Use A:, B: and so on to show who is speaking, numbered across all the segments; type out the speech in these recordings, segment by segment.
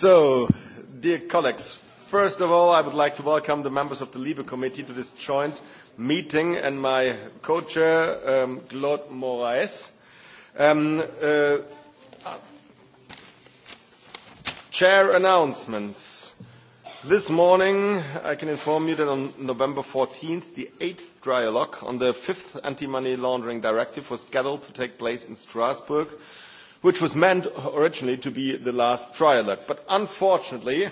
A: So, dear colleagues, first of all, I would like to welcome the members of the Libre Committee to this joint meeting and my co-chair, um, Claude Moraes. Um, uh, chair announcements. This morning, I can inform you that on November 14th, the eighth dialogue on the fifth anti-money laundering directive was scheduled to take place in Strasbourg which was meant originally to be the last trialogue. But unfortunately,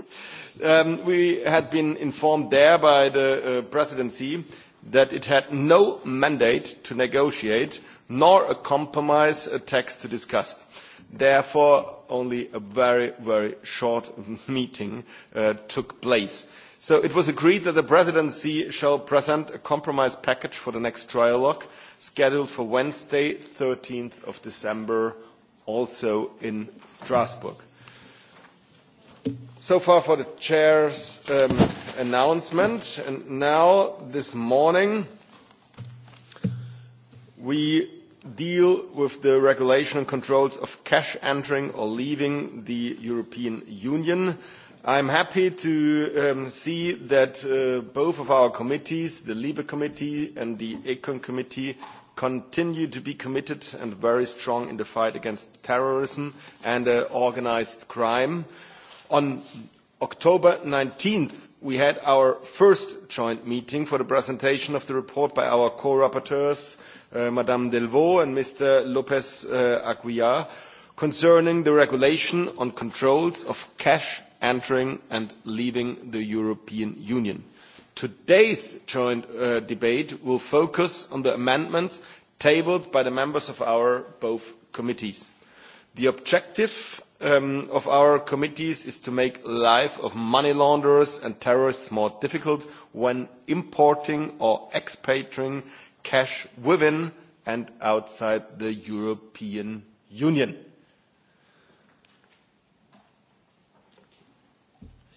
A: um, we had been informed there by the uh, presidency that it had no mandate to negotiate nor a compromise a text to discuss. Therefore, only a very, very short meeting uh, took place. So it was agreed that the presidency shall present a compromise package for the next trialogue scheduled for Wednesday, 13th of December also in Strasbourg. So far for the chair's um, announcement. And now, this morning, we deal with the regulation and controls of cash entering or leaving the European Union. I'm happy to um, see that uh, both of our committees, the LIBE committee and the ECON committee, continue to be committed and very strong in the fight against terrorism and uh, organized crime. On October 19th, we had our first joint meeting for the presentation of the report by our co-rapporteurs, uh, Madame Delvaux and Mr. Lopez uh, Aguilar, concerning the regulation on controls of cash entering and leaving the European Union. Today's joint uh, debate will focus on the amendments tabled by the members of our both committees. The objective um, of our committees is to make the life of money launderers and terrorists more difficult when importing or expatriating cash within and outside the European Union.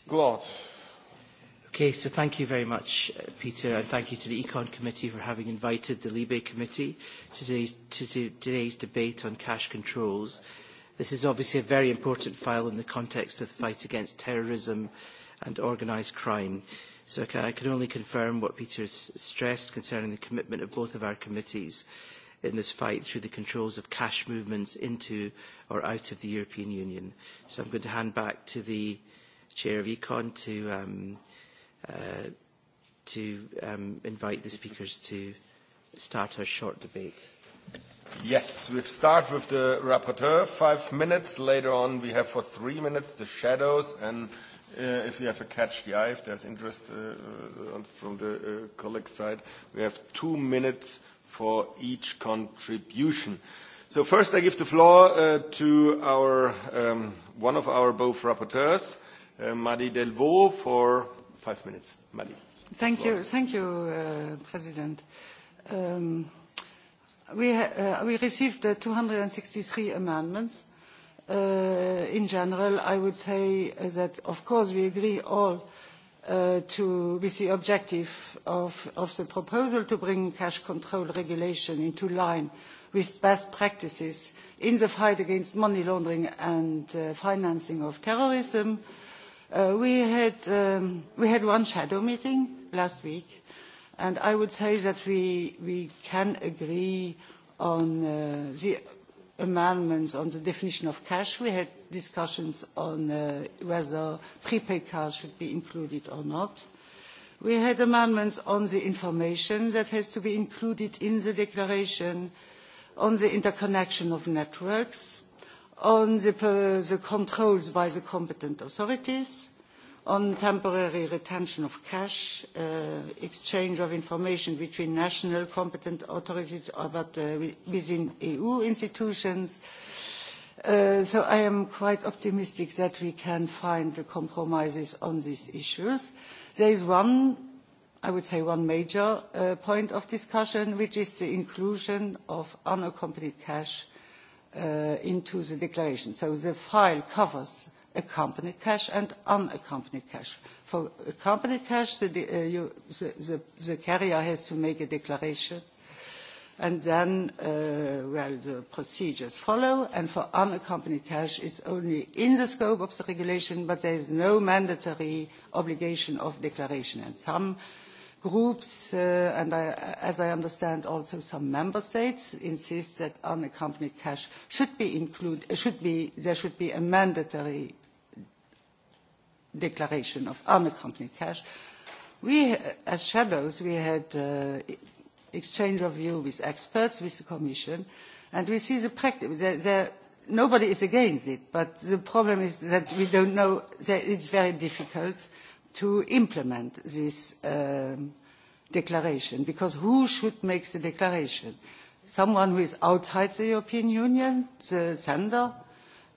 B: Claude. Okay, so thank you very much, uh, Peter, and thank you to the Econ Committee for having invited the Libe Committee to today's, to, to today's debate on cash controls. This is obviously a very important file in the context of the fight against terrorism and organised crime. So I can only confirm what Peter has stressed concerning the commitment of both of our committees in this fight through the controls of cash movements into or out of the European Union. So I'm going to hand back to the Chair of Econ to um, uh, to um, invite the speakers to start our short debate.
A: Yes, we'll start with the rapporteur, five minutes. Later on, we have for three minutes the shadows, and uh, if you have a catch the eye, if there's interest uh, uh from the uh, colleague side, we have two minutes for each contribution. So first, I give the floor uh, to our, um, one of our both rapporteurs, uh, Madi Delvaux, for five minutes. Mali.
C: Thank you, thank you, uh, President. Um, we, uh, we received uh, 263 amendments. Uh, in general, I would say that, of course, we agree all uh, to, with the objective of, of the proposal to bring cash control regulation into line with best practices in the fight against money laundering and uh, financing of terrorism. Uh, Uh, we, had, um, we had one shadow meeting last week, and I would say that we, we can agree on uh, the amendments on the definition of cash. We had discussions on uh, whether prepaid cards should be included or not. We had amendments on the information that has to be included in the declaration, on the interconnection of networks, on the, uh, the controls by the competent authorities, on temporary retention of cash, uh, exchange of information between national competent authorities but uh, within EU institutions. Uh, so I am quite optimistic that we can find the compromises on these issues. There is one, I would say one major uh, point of discussion, which is the inclusion of unaccompanied cash uh, uh, into the declaration. So the file covers accompanied cash and unaccompanied cash. For accompanied cash, the, uh, you, the, the, the carrier has to make a declaration and then uh, well the procedures follow and for unaccompanied cash it's only in the scope of the regulation but there is no mandatory obligation of declaration and some groups, uh, and I, as I understand also some member states, insist that unaccompanied cash should be included, should be, there should be a mandatory declaration of unaccompanied cash. We, as shadows, we had uh, exchange of view with experts, with the Commission, and we see the practice. There, there, nobody is against it, but the problem is that we don't know, that it's very difficult to implement this um, declaration because who should make the declaration? someone who is outside the european union the sender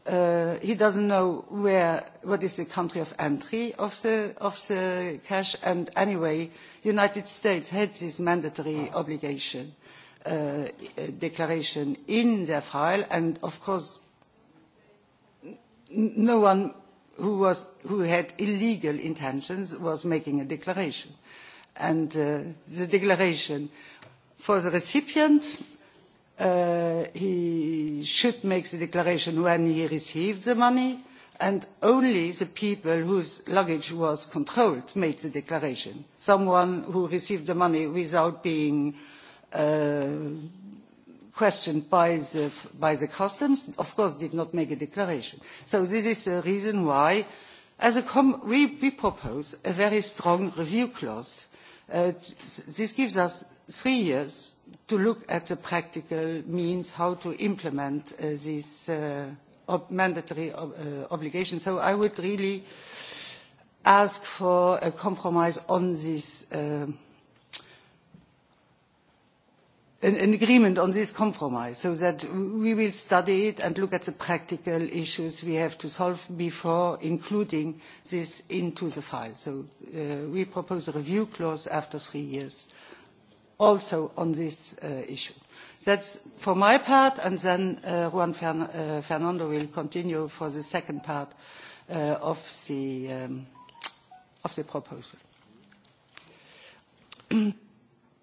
C: uh, he doesn't know where what is the country of entry of the of the cash and anyway united states had this mandatory obligation uh, declaration in their file and of course no one who, was, who had illegal intentions was making a declaration. And uh, the declaration for the recipient, uh, he should make the declaration when he received the money, and only the people whose luggage was controlled made the declaration. Someone who received the money without being uh, questioned by the, by the customs, of course did not make a declaration. So this is the reason why as a com we, we propose a very strong review clause. Uh, this gives us three years to look at the practical means how to implement uh, these uh, ob mandatory ob uh, obligations. So I would really ask for a compromise on this uh, an, an agreement on this compromise so that we will study it and look at the practical issues we have to solve before including this into the file. So uh, we propose a review clause after three years also on this uh, issue. That's for my part, and then uh, Juan Fern uh, Fernando will continue for the second part uh, of, the, um, of the proposal.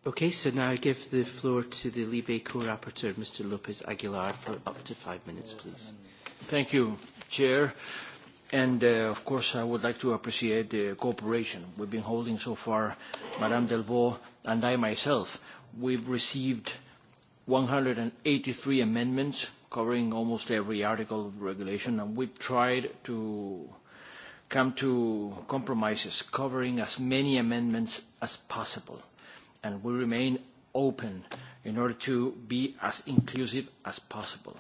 B: Okay, so now I give the floor to the Libe co-rapporteur, Mr. Lopez Aguilar, for up to five minutes, please. Thank you,
D: Chair. And uh, of course, I would like to appreciate the cooperation we've been holding so far, Madame Delvaux and I myself. We've received 183 amendments covering almost every article of regulation, and we've tried to come to compromises covering as many amendments as possible and we remain open in order to be as inclusive as possible.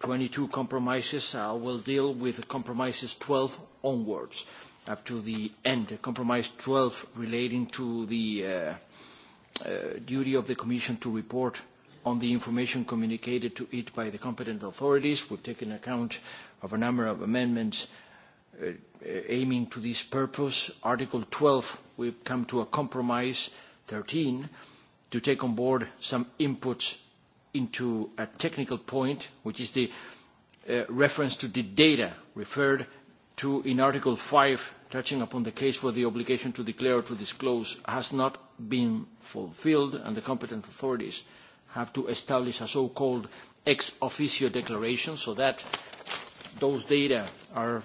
D: 22 compromises uh, will deal with compromises 12 onwards up to the end. Compromise 12 relating to the uh, uh, duty of the Commission to report on the information communicated to it by the competent authorities. We've taken account of a number of amendments uh, uh aiming to this purpose. Article 12, we've come to a compromise uh, 13 to take on board some input into a technical point, which is the uh, reference to the data referred to in Article 5, touching upon the case where the obligation to declare or to disclose has not been fulfilled, and the competent authorities have to establish a so-called ex officio declaration so that those data are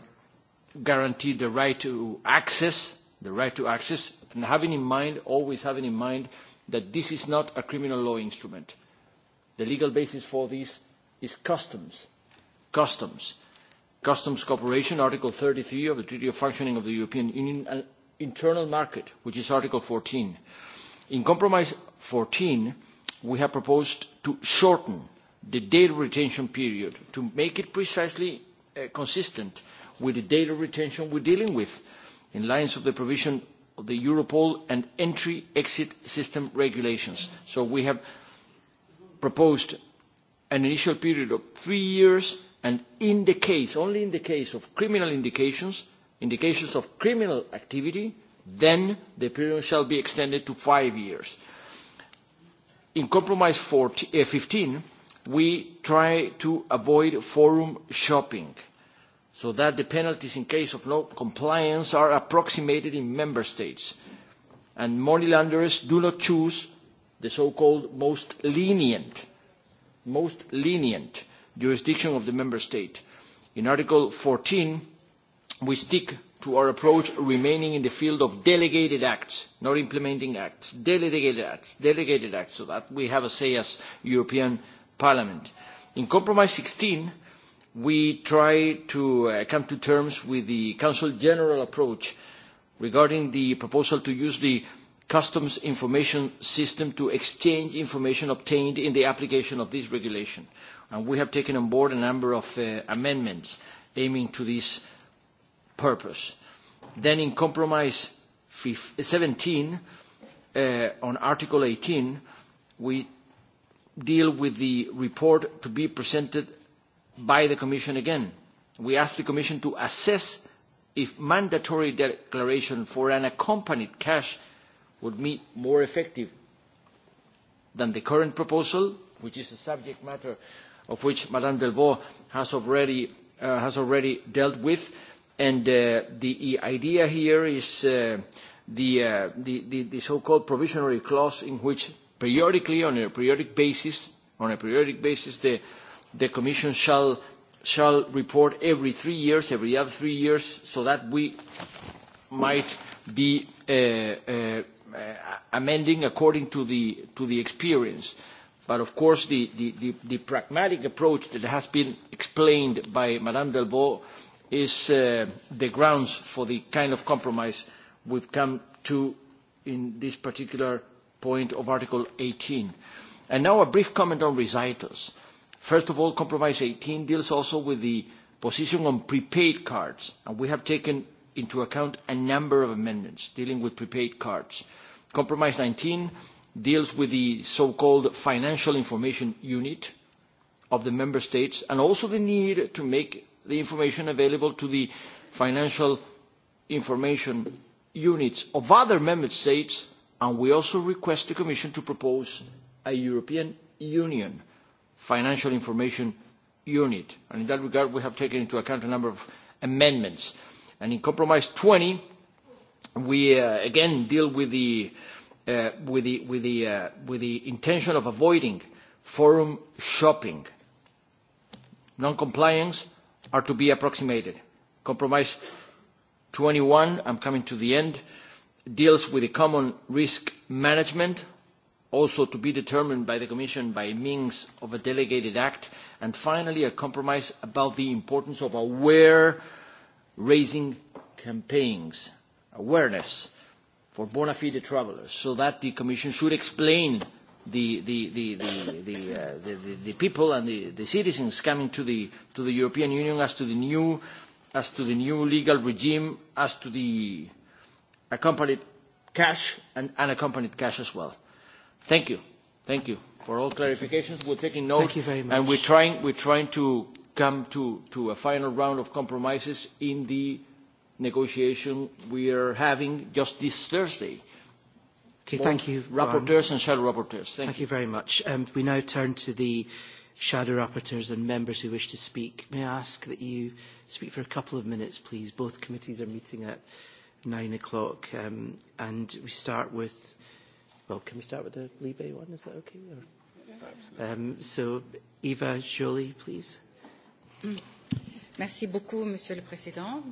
D: guaranteed the right to access, the right to access And having in mind, always having in mind, that this is not a criminal law instrument. The legal basis for this is customs. Customs. Customs cooperation, Article 33 of the Treaty of Functioning of the European Union, and internal market, which is Article 14. In Compromise 14, we have proposed to shorten the data retention period to make it precisely uh, consistent with the data retention we're dealing with in lines of the provision of the Europol and entry-exit system regulations. So we have proposed an initial period of three years, and in the case, only in the case of criminal indications, indications of criminal activity, then the period shall be extended to five years. In Compromise 14, uh, 15, we try to avoid forum shopping. Uh, so that the penalties in case of no compliance are approximated in member states. And money launderers do not choose the so-called most lenient, most lenient jurisdiction of the member state. In Article 14, we stick to our approach remaining in the field of delegated acts, not implementing acts, delegated acts, delegated acts, so that we have a say as European Parliament. In Compromise 16, we try to uh, come to terms with the Council General approach regarding the proposal to use the Customs Information System to exchange information obtained in the application of this regulation. And we have taken on board a number of uh, amendments aiming to this purpose. Then in Compromise 15, 17, uh, on Article 18, we deal with the report to be presented by the Commission again. We ask the Commission to assess if mandatory declaration for an accompanied cash would be more effective than the current proposal, which is a subject matter of which Madame Delvaux has already, uh, has already dealt with. And uh, the idea here is uh, the, uh, the, the, the so-called provisionary clause in which periodically, on a periodic basis, on a periodic basis, the, uh, the Commission shall, shall report every three years, every other three years, so that we might be uh, uh, amending according to the, to the experience. But of course, the, the, the, the pragmatic approach that has been explained by Madame Delvaux is uh, the grounds for the kind of compromise we've come to in this particular point of Article 18. And now a brief comment on recitals. Uh, First of all, Compromise 18 deals also with the position on prepaid cards, and we have taken into account a number of amendments dealing with prepaid cards. Compromise 19 deals with the so-called financial information unit of the member states and also the need to make the information available to the financial information units of other member states and we also request the Commission to propose a European Union financial information unit. And in that regard, we have taken into account a number of amendments. And in Compromise 20, we uh, again deal with the, uh, with, the, with, the, uh, with the intention of avoiding forum shopping. Non-compliance are to be approximated. Compromise 21, I'm coming to the end, deals with the common risk management also to be determined by the Commission by means of a delegated act, and finally a compromise about the importance of aware-raising campaigns, awareness for bona fide travelers, so that the Commission should explain the, the, the, the, the, uh, the, the, the people and the, the citizens coming to the, to the European Union as to the new as to the new legal regime, as to the accompanied cash and unaccompanied cash as well. Thank you. Thank you for all clarifications. We're taking note. Thank you very much. And we're trying, we're trying to come to, to a final round of compromises in the negotiation we are having just this Thursday.
B: Okay, Both thank you. Rapporteurs Juan. and shadow rapporteurs. Thank, thank you. you very much. Um, we now turn to the shadow rapporteurs and members who wish to speak. May I ask that you speak for a couple of minutes, please? Both committees are meeting at nine o'clock, um, and we start with Well, can we start with the Libe one? Is that okay? Or, Absolutely. um, so, Eva Jolie, please.
E: Mm. Merci beaucoup, Monsieur le Président.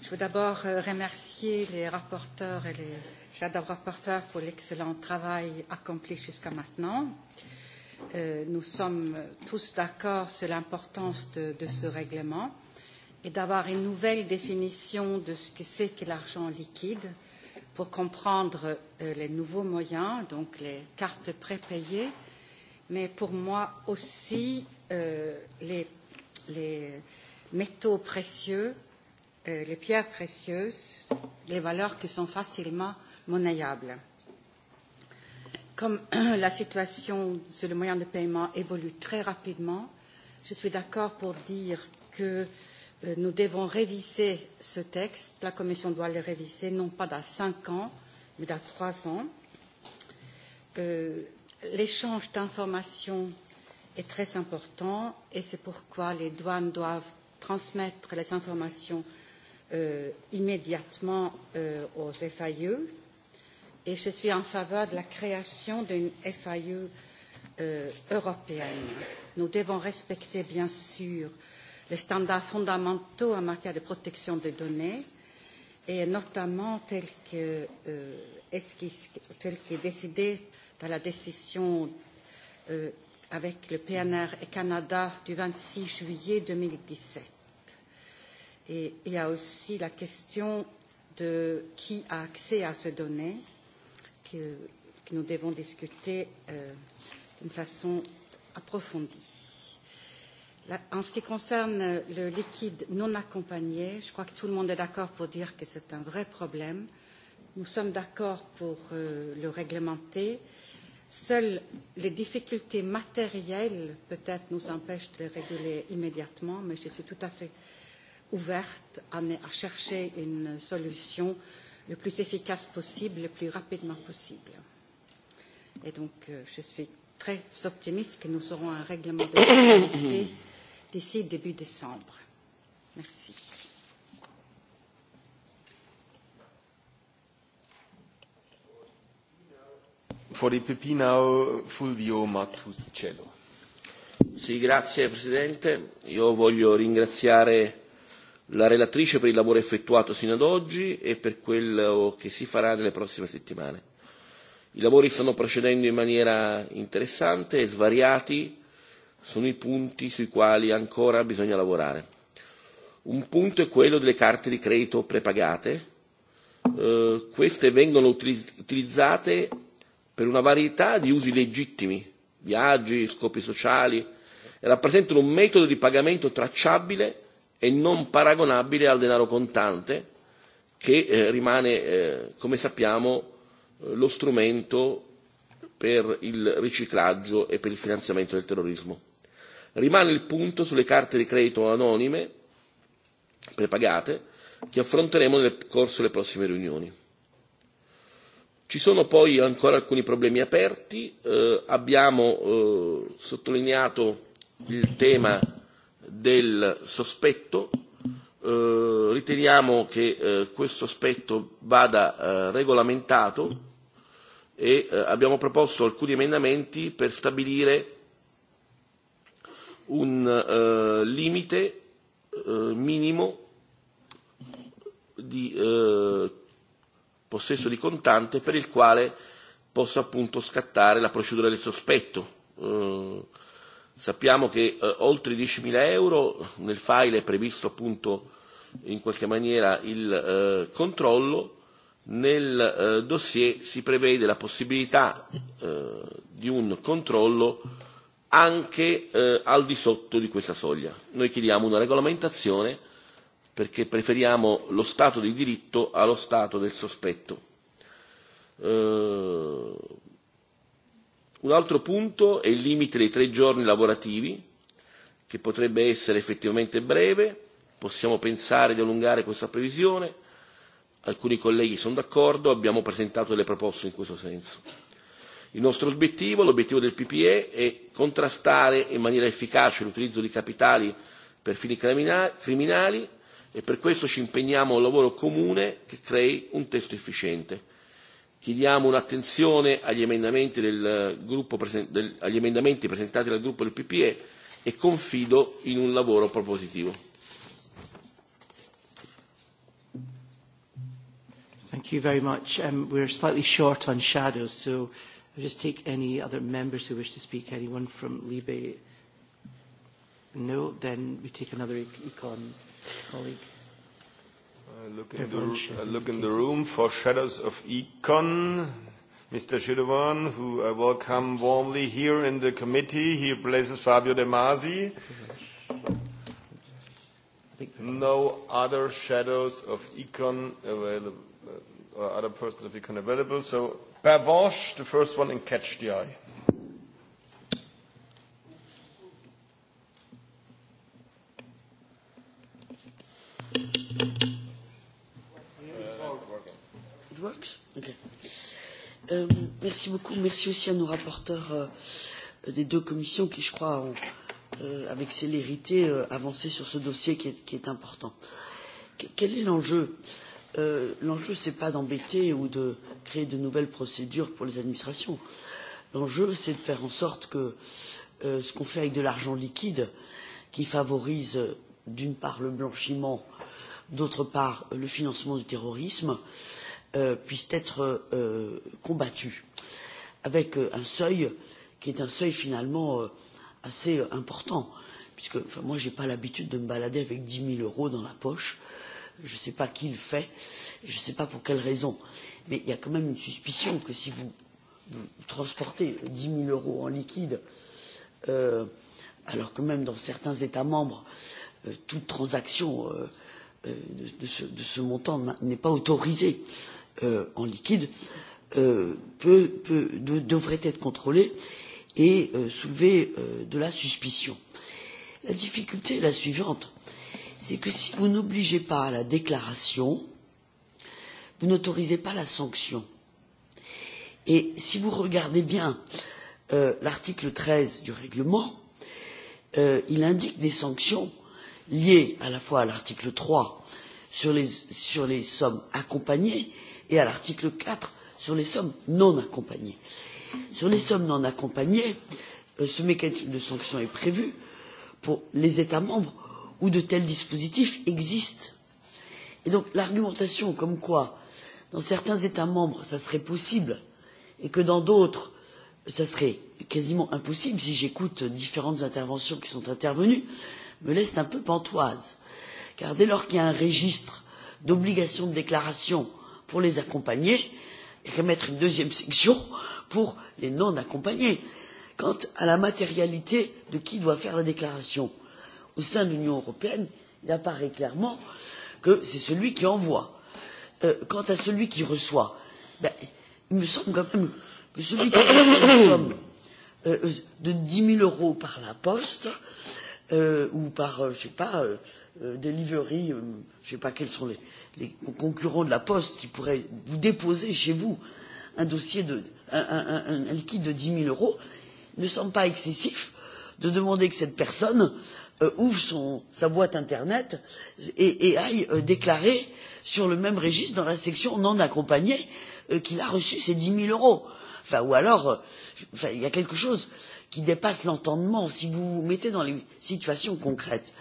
E: Je veux d'abord euh, remercier les rapporteurs et les shadow rapporteurs pour l'excellent travail accompli jusqu'à maintenant. Euh, nous sommes tous d'accord sur l'importance de, de ce règlement et d'avoir une nouvelle définition de ce que c'est que l'argent liquide euh, pour comprendre euh, les nouveaux moyens, donc les cartes prépayées, mais pour moi aussi euh, les, les métaux précieux, euh, les pierres précieuses, les valeurs qui sont facilement monnayables. Comme la situation sur le moyen de paiement évolue très rapidement, je suis d'accord pour dire que euh, Euh, nous devons réviser ce texte. La Commission doit le réviser non pas dans cinq ans, mais dans trois ans. Euh, L'échange d'informations est très important et c'est pourquoi les douanes doivent transmettre les informations euh, immédiatement euh, aux FAIE. Et je suis en faveur de la création d'une FAIE euh, européenne. Nous devons respecter, bien sûr, euh, les standards fondamentaux en matière de protection des données, et notamment tel que, euh, esquisse, tel que décidé dans la décision euh, avec le PNR et Canada du 26 juillet 2017. Et il y a aussi la question de qui a accès à ces données que, que nous devons discuter euh, d'une façon approfondie. La, en ce qui concerne euh, le liquide non accompagné, je crois que tout le monde est d'accord pour dire que c'est un vrai problème. Nous sommes d'accord pour euh, le réglementer. Seules les difficultés matérielles peut-être nous empêchent de le réguler immédiatement, mais je suis tout à fait ouverte à, à chercher une solution le plus efficace possible, le plus rapidement possible. Et donc, euh, je suis très optimiste que nous aurons un règlement de conformité d'ici début décembre. Merci.
F: For the PP now, Fulvio Matuscello. Sì, grazie Presidente. Io voglio ringraziare la relatrice per il lavoro effettuato sino ad oggi e per quello che si farà nelle prossime settimane. I lavori stanno procedendo in maniera interessante e svariati sono i punti sui quali ancora bisogna lavorare. Un punto è quello delle carte di credito prepagate. Eh, queste vengono utiliz- utilizzate per una varietà di usi legittimi, viaggi, scopi sociali, e rappresentano un metodo di pagamento tracciabile e non paragonabile al denaro contante, che eh, rimane, eh, come sappiamo, eh, lo strumento per il riciclaggio e per il finanziamento del terrorismo. Rimane il punto sulle carte di credito anonime prepagate che affronteremo nel corso delle prossime riunioni. Ci sono poi ancora alcuni problemi aperti, eh, abbiamo eh, sottolineato il tema del sospetto, eh, riteniamo che eh, questo aspetto vada eh, regolamentato e eh, abbiamo proposto alcuni emendamenti per stabilire un eh, limite eh, minimo di eh, possesso di contante per il quale possa appunto scattare la procedura del sospetto. Eh, sappiamo che eh, oltre i 10.000 euro nel file è previsto appunto in qualche maniera il eh, controllo, nel eh, dossier si prevede la possibilità eh, di un controllo eh, anche eh, al di sotto di questa soglia. Noi chiediamo una regolamentazione perché preferiamo lo Stato di diritto allo Stato del sospetto. Eh, un altro punto è il limite dei tre giorni lavorativi, che potrebbe essere effettivamente breve, possiamo pensare di allungare questa previsione, alcuni colleghi sono d'accordo, abbiamo presentato delle proposte in questo senso. Il nostro obiettivo, l'obiettivo del PPE, è contrastare in maniera efficace l'utilizzo di capitali per fini criminali e per questo ci impegniamo a un lavoro comune che crei un testo efficiente. Chiediamo un'attenzione agli emendamenti, del gruppo, del, agli emendamenti presentati dal gruppo del PPE e confido in un lavoro propositivo.
B: Thank you very much. Um, we're slightly short on shadows, so I'll just take any other members who wish to speak. Anyone from Libe? No? Then we take another e-, econ colleague. I look, in the,
A: I look in the room for shadows of econ. Mr. Shirvan, who I welcome warmly here in the committee. He replaces Fabio De Masi. No other shadows of econ available, uh, or other persons of econ available. So Pervenche, the first one in Catch the Eye.
G: It works? Okay. Euh, merci beaucoup. Merci aussi à nos rapporteurs euh, des deux commissions qui, je crois, ont, euh, avec célérité, euh, avancé sur ce dossier qui est, qui est important. Que, quel est l'enjeu euh, euh, l'enjeu, ce n'est pas d'embêter ou de créer de nouvelles procédures pour les administrations. L'enjeu, c'est de faire en sorte que euh, ce qu'on fait avec de l'argent liquide, qui favorise d'une part le blanchiment, d'autre part le financement du terrorisme, euh, puisse être euh, combattu avec euh, un seuil qui est un seuil finalement euh, assez important, puisque enfin, moi je n'ai pas l'habitude de me balader avec 10 000 euros dans la poche. Euh, je ne sais pas qui le fait, je ne sais pas pour quelle raison, mais il y a quand même une suspicion que si vous, vous transportez 10 000 euros en liquide, euh, alors que même dans certains États membres, euh, toute transaction euh, euh, de, de, ce, de ce montant n'est pas autorisée euh, en liquide, euh, peut, peut, de, devrait être contrôlée et euh, soulever euh, de la suspicion. La difficulté est la suivante c'est que si vous n'obligez pas à la déclaration, vous n'autorisez pas la sanction. Et si vous regardez bien euh, l'article 13 du règlement, euh, il indique des sanctions liées à la fois à l'article 3 sur les, sur les sommes accompagnées et à l'article 4 sur les sommes non accompagnées. Sur les sommes non accompagnées, euh, ce mécanisme de sanction est prévu pour les États membres où de tels dispositifs existent. Et donc l'argumentation comme quoi dans certains États membres ça serait possible et que dans d'autres ça serait quasiment impossible si j'écoute différentes interventions qui sont intervenues me laisse un peu pantoise car dès lors qu'il y a un registre d'obligation de déclaration pour les accompagner, il y a qu'à mettre une deuxième section pour les non accompagnés. Quant à la matérialité de qui doit faire la déclaration, au sein de l'Union européenne, il apparaît clairement que c'est celui qui envoie. Euh, quant à celui qui reçoit, ben, il me semble quand même que celui qui reçoit une somme euh, de 10 000 euros par la poste, euh, ou par, euh, je sais pas, euh, euh, delivery, euh, je sais pas quels sont les, les concurrents de la poste qui pourraient vous déposer chez vous un dossier de, un, un, un, un liquide de 10 000 euros, ne semble pas excessif de demander que cette personne euh, euh, ouvre son, sa boîte internet et, et aille euh, déclarer sur le même registre dans la section non accompagné euh, qu'il a reçu ses dix mille euros. Enfin, ou alors, euh, enfin, il y a quelque chose qui dépasse l'entendement si vous vous mettez dans les situations concrètes.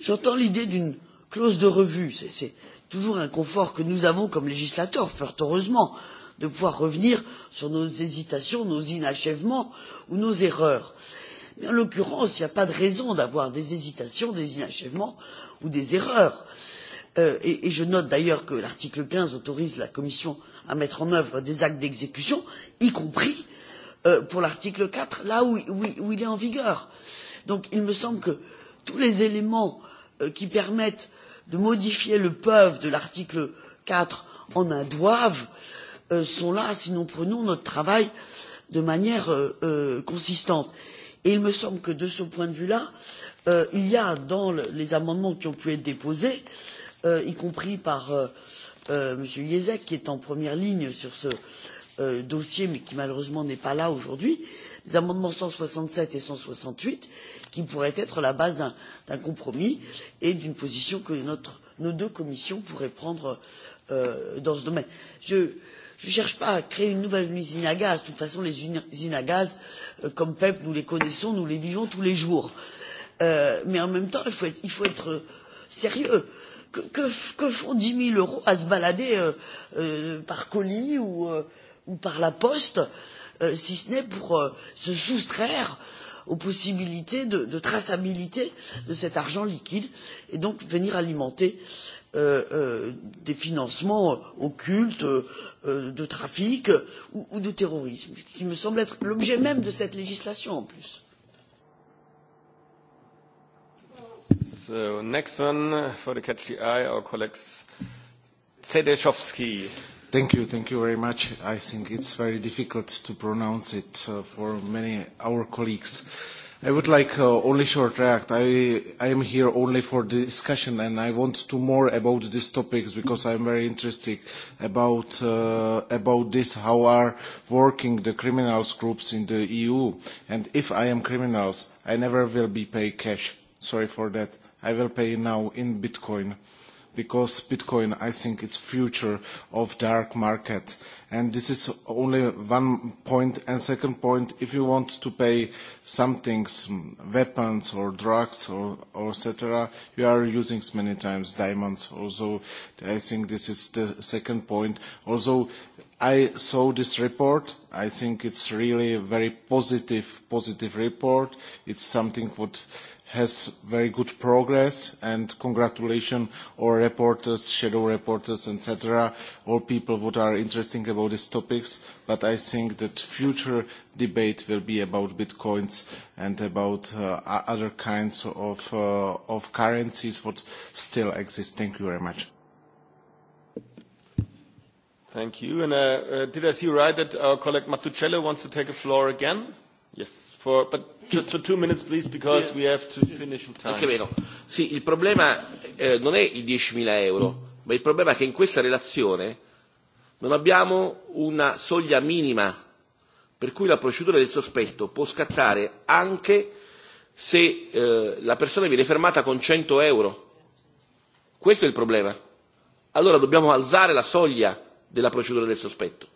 G: J'entends l'idée d'une clause de revue. C'est toujours un confort que nous avons comme législateurs, fort heureusement, de pouvoir revenir sur nos hésitations, nos inachèvements ou nos erreurs. Euh, Mais en l'occurrence, il n'y a pas de raison d'avoir des hésitations, des inachèvements ou des erreurs. Euh, et, et je note d'ailleurs que l'article 15 autorise la Commission à mettre en œuvre des actes d'exécution, y compris euh, pour l'article 4, là où, où, où il est en vigueur. Donc il me semble que tous les éléments euh, qui permettent de modifier le peuvent de l'article 4 en un doivent euh, sont là si nous prenons notre travail de manière euh, euh, consistante. Euh, et il me semble que de ce point de vue là euh, il y a dans le, les amendements qui ont pu être déposés euh, y compris par euh, euh, m. jezek qui est en première ligne sur ce euh, dossier mais qui malheureusement n'est pas là aujourd'hui les amendements cent soixante sept et cent soixante huit qui pourraient être la base d'un compromis et d'une position que notre, nos deux commissions pourraient prendre euh, dans ce domaine. je Je ne cherche pas à créer une nouvelle usine à gaz. De toute façon, les usines à gaz, euh, comme PEP, nous les connaissons, nous les vivons tous les jours. Euh, mais en même temps, il faut être, il faut être euh, sérieux. Que, que, que font 10 000 euros à se balader euh, euh, par colis ou, euh, ou par la poste, euh, si ce n'est pour euh, se soustraire aux possibilités de, de traçabilité de cet argent liquide et donc venir alimenter euh, euh, euh, des financements occultes euh, de trafic ou, ou de terrorisme, qui me semble être l'objet même de cette législation en plus.
A: So, next one for the catch the eye, our colleagues Sedeshevsky.
H: Thank you, thank you very much. I think it's very difficult to pronounce it uh, for many our colleagues. Uh, I would like uh, only short react. I, I am here only for discussion and I want to more about these topics because I am very interested about, uh, about this, how are working the criminals groups in the EU. And if I am criminals, I never will be paid cash. Sorry for that. I will pay now in Bitcoin. Uh, because Bitcoin, I think, it's future of dark market. And this is only one point. And second point, if you want to pay some things, weapons or drugs or, or etc., you are using many times diamonds. Also, I think this is the second point. Also, I saw this report. I think it's really a very positive, positive report. It's something what has very good progress and congratulations all reporters, shadow reporters, etc., all people who are interested about these topics. But I think that future debate will be about bitcoins and about uh, other kinds of, uh, of currencies what still exist. Thank you very much.
A: Thank you. And uh, uh, did I see right that our colleague Mattucello wants to take the floor again? Yes, for, but just for two minutes,
F: please, because we have to finish in time. Anche meno. Sì, il problema eh, non è i 10.000 euro, ma il problema è che in questa relazione non abbiamo una soglia minima per cui la procedura del sospetto può scattare anche se eh, la persona viene fermata con 100 euro. Questo è il problema. Allora dobbiamo alzare la soglia della procedura del sospetto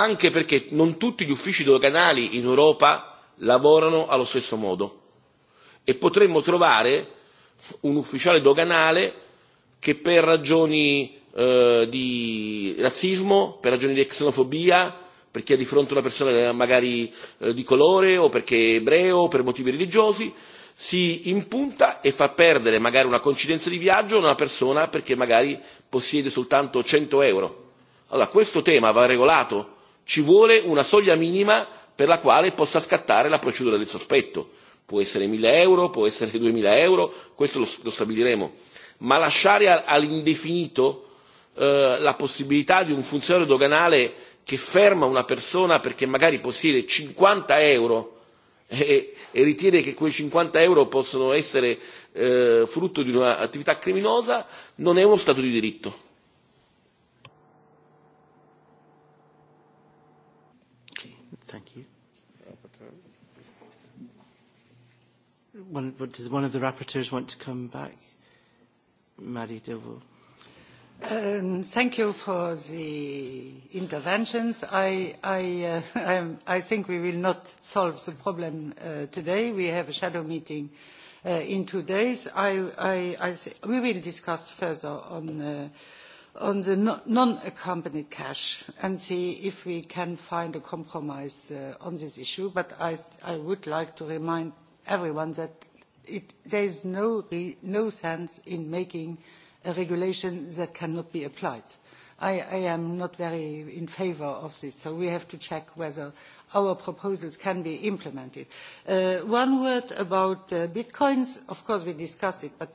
F: anche perché non tutti gli uffici doganali in Europa lavorano allo stesso modo e potremmo trovare un ufficiale doganale che per ragioni eh, di razzismo, per ragioni di xenofobia, perché ha di fronte una persona magari eh, di colore o perché è ebreo o per motivi religiosi, si impunta e fa perdere magari una coincidenza di viaggio a una persona perché magari possiede soltanto 100 euro. Allora questo tema va regolato ci vuole una soglia minima per la quale possa scattare la procedura del sospetto. Può essere 1000 euro, può essere 2000 euro, questo lo, lo stabiliremo. Ma lasciare all'indefinito eh, la possibilità di un funzionario doganale che ferma una persona perché magari possiede 50 euro e, e ritiene che quei 50 euro possono essere eh, frutto di un'attività criminosa, non è uno Stato di diritto Thank you.
G: Rapporteur.
B: One, does one of the rapporteurs want to come back? Marie Delvaux.
C: Um, thank you for the interventions. I, I, uh, I'm, I think we will not solve the problem uh, today. We have a shadow meeting uh, in two days. I, I, I th- we will discuss further on uh, on the non-accompanied cash and see if we can find a compromise uh, on this issue. But I, I would like to remind everyone that it, there is no, re, no sense in making a regulation that cannot be applied. I, I am not very in favor of this, so we have to check whether our proposals can be implemented. Uh, one word about uh, bitcoins. Of course, we discussed it, but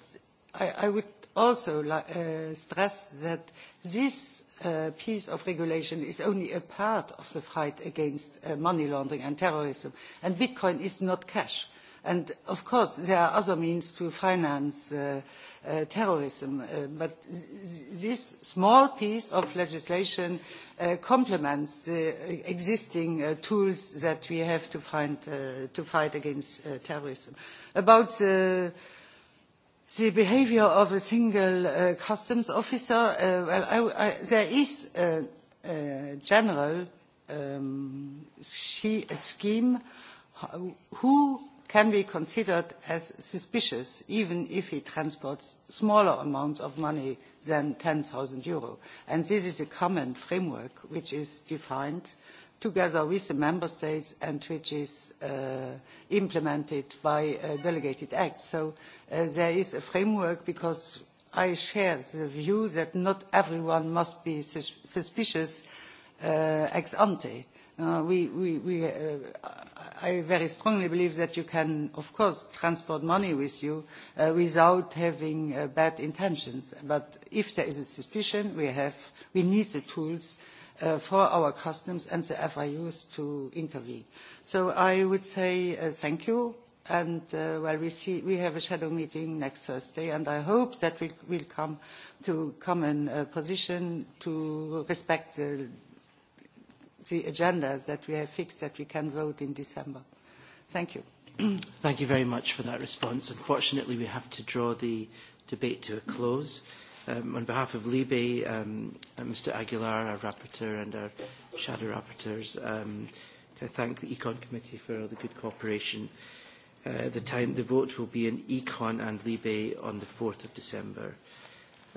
C: I, I would also uh, stress that this uh, piece of regulation is only a part of the fight against uh, money laundering and terrorism. And Bitcoin is not cash. And of course, there are other means to finance uh, uh, terrorism. Uh, but th this small piece of legislation uh, complements the existing uh, tools that we have to, find, uh, to fight against uh, terrorism. About the uh, the behaviour of a single uh, customs officer, uh, well, I, I, there is a, a general um, she, a scheme who can be considered as suspicious even if he transports smaller amounts of money than 10,000 euro. And this is a common framework which is defined together with the member states and which is uh, implemented by uh, delegated acts. So uh, there is a framework because I share the view that not everyone must be sus suspicious uh, ex ante. Uh, we, we, we, uh, I very strongly believe that you can, of course, transport money with you uh, without having uh, bad intentions. But if there is a suspicion, we, have, we need the tools uh, uh, for our customs and the FIUs to intervene. So I would say uh, thank you and uh, well, we, see, we have a shadow meeting next Thursday, and I hope that we will come to common uh, position to respect the, the agenda that we have fixed that we can vote in December. Thank you.
B: Thank you very much for that response. Unfortunately, we have to draw the debate to a close. Mm-hmm. Um, on behalf of Libe, um, Mr Aguilar, our rapporteur, and our shadow rapporteurs, um, I thank the Econ Committee for all the good cooperation. Uh, the time the vote will be in Econ and Libe on the 4th of December.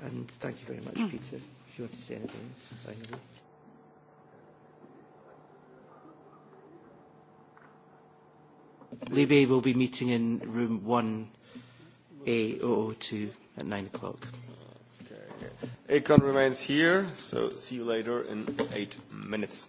B: And thank you very much, mm. Peter, if you want to say anything finally. Libe will be meeting in room 1A002 at 9 o'clock.
A: Econ remains here, so see you later in eight minutes.